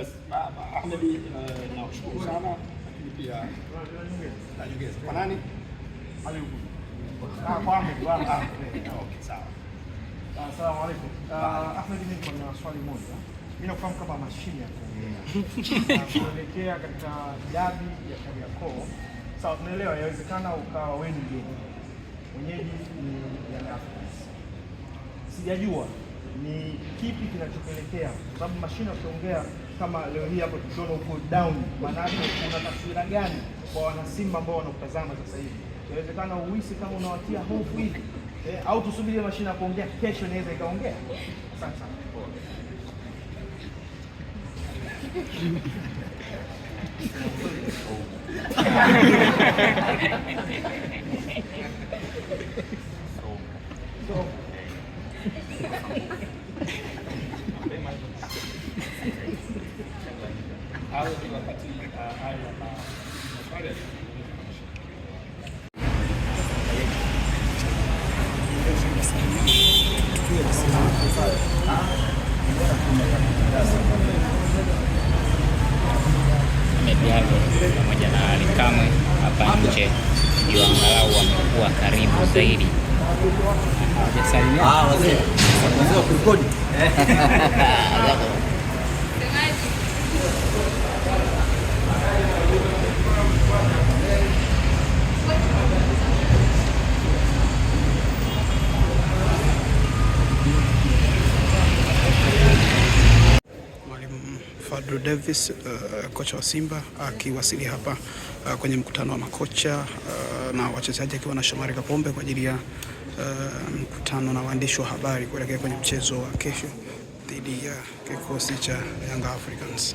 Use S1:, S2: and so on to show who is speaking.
S1: Yes, Ahmed uh, sana lakini pia najongeza kwa nani?
S2: Ah, ah, okay, sawa. Ah, Ahmed, mimi kuna swali moja. Mimi nafahamu kama mashine ya Kuelekea katika jadi ya Kariakoo. Sawa, tunaelewa yawezekana ukawa wewe mgeni. Mwenyeji ni Afrika. Sijajua ni kipi kinachopelekea? Kwa sababu mashine ukiongea kama leo hii hapo tukiona uko down, maana yake kuna taswira gani kwa wanasimba ambao wanakutazama sasa hivi? Inawezekana uhisi kama unawatia hofu hivi eh, au tusubirie mashine ya kuongea kesho, inaweza ikaongea.
S1: Asante
S3: Mediago pamoja na Alikamwe hapa nje ndio angalau wamekuwa karibu zaidi. Né? Ah, biasa ni.
S1: Ah, masih. Masuk kurkun.
S2: Andrew Davis uh, kocha wa Simba akiwasili uh, hapa uh, kwenye mkutano wa makocha uh, na wachezaji akiwa na Shomari Kapombe kwa ajili ya uh, mkutano na waandishi wa habari kuelekea kwenye mchezo wa kesho dhidi ya kikosi cha Young Africans.